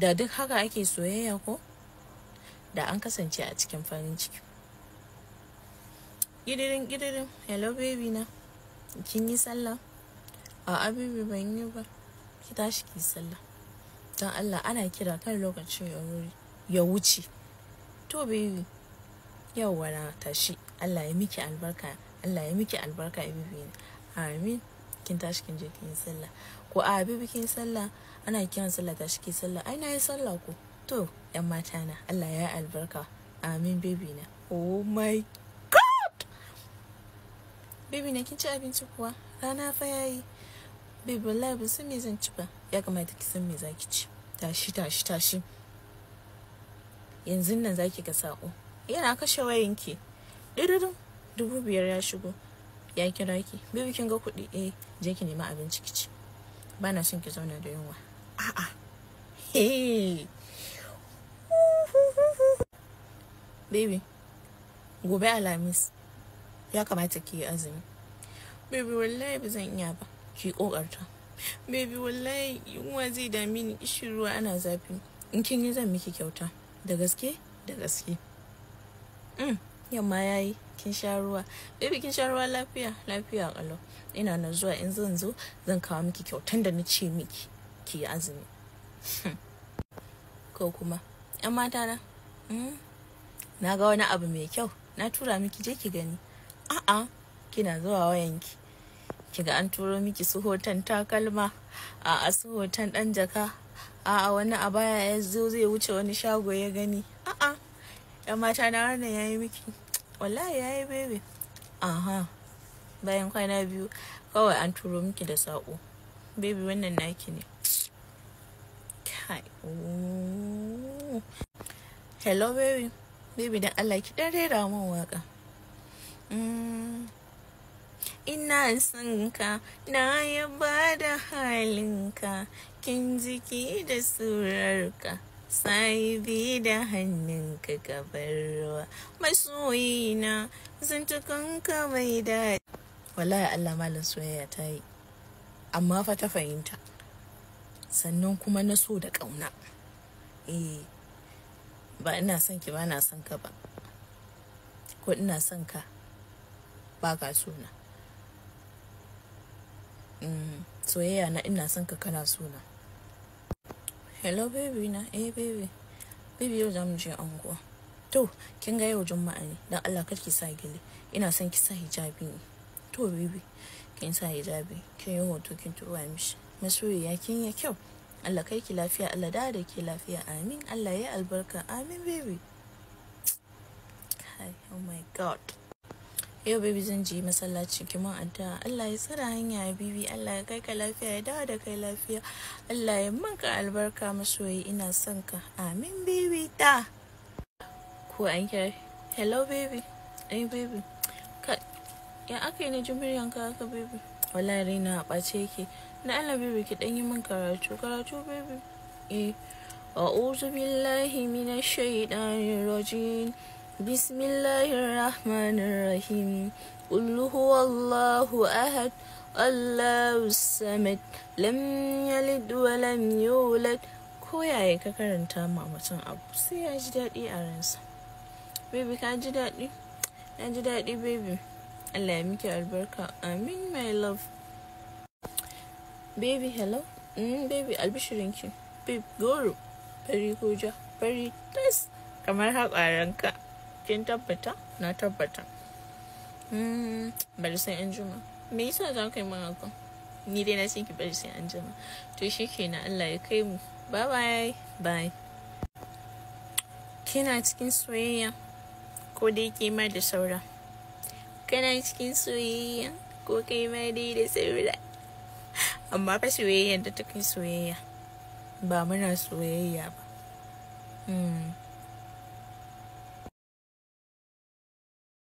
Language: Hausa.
da duk haka ake soyayya ko da an kasance a cikin farin ciki gidirin gidirin hello baby na kin yi sallah a abubuwa ban yi ba ki tashi ki sallah don allah ana kira kan lokacin ya wuce to baby yau na tashi allah ya miki albarka allah ya miki albarka bibi amin kin tashi kin je kin yi sallah ko a bi bikin sallah ana kiran sallah tashi ki sallah ai na yi sallah ko to yan mata na Allah ya albarka amin baby na oh my god baby na kin ci abinci kuwa rana fa yayi baby wallahi ban san me zan ci ba ya kamata ki san me zaki ci tashi tashi tashi yanzu nan zaki ga sako yana kashe wayanki dudu dubu biyar ya shigo ya kira ki bibi kin ga kuɗi eh je ki nemi abinci ki ci ba na son ki zauna da yunwa a'a hey baby gobe alhamis ya kamata ki yi azumi baby wallahi ba zan iya ba ki kokarta baby wallahi yunwa zai dami ni kishin ruwa ana zafi in kin yi zan miki kyauta da gaske da gaske mm. yamma ya yi kin sha ruwa baby kin sha ruwa lafiya lafiya kalau ina na zuwa in zan zo zan kawo miki kyautan da na ce miki ki yi azumi ko kuma yan mata na hmm, na ga wani abu mai kyau na tura miki je ki gani a'a kina zuwa wayan ki ki ga an turo miki su hoton takalma a su hoton dan jaka a wani abaya ya zo zai wuce wani shago ya gani a'a 'yan mata na wannan ya yi miki wallahi ya yi bebe aha bayan kwana biyu kawai an turo miki da saƙo bebe wannan naki ne kai hello baby baby dan allah ki dan rera min waka mm. ina son ka na yaba da halinka kin jiki da surarka sahibi da hannunka ka bar ta masoyina zantukanka mai da wallahi Allah malam soyayya ta yi amma fa ta fahimta sannan kuma na so da ƙauna eh ba ina son ki ba na son ka ba ko ina son ka ba ka suna mm, soyayya na ina son ka kana suna hello baby na eh baby baby yau za mu je anguwa to kin ga yau juma'a ne dan Allah kar ki sa gele ina son ki sa hijabi ne to baby kin sa hijabi kin yi hoto kin tura mishi masoyi ya kin ya kyau Allah kai ki lafiya Allah da da ke lafiya amin Allah ya albarka amin baby oh my god yau baby zan je masallaci ki mun addu'a Allah ya tsara hanya bibi Allah ya kai ka lafiya ya dawo da kai lafiya Allah ya maka albarka masoyi ina son ka amin baby ta ko an kai hello baby ai eh, baby ka ya aka yi na ka ka bibi baby wallahi raina a bace yake na Allah baby ki dan yi min karatu karatu baby eh a'udhu billahi minash shaitanir rajim بسم الله الرحمن الرحيم قل هو الله أحد الله الصمد لم يلد ولم يولد koyaye ka karanta ma mutum abu sai ya ji daɗi a ransa baby ka ji daɗi na ji daɗi baby allah ya miki albarka amin my love baby hello mm, baby albishirinki babe goro fari ko ja fari tas kamar haƙwaranka kin tabbata na tabbata hmm, bari sai an juma me yasa za ka yi min haka ni dai na san ki bari sai an juma to shi kenan Allah ya kai mu bye bye bye kina cikin soyayya ko dai ke mai da saura kana cikin soyayya ko kai mai dai da saura amma fa soyayya da ta soyayya ba muna soyayya ba hmm.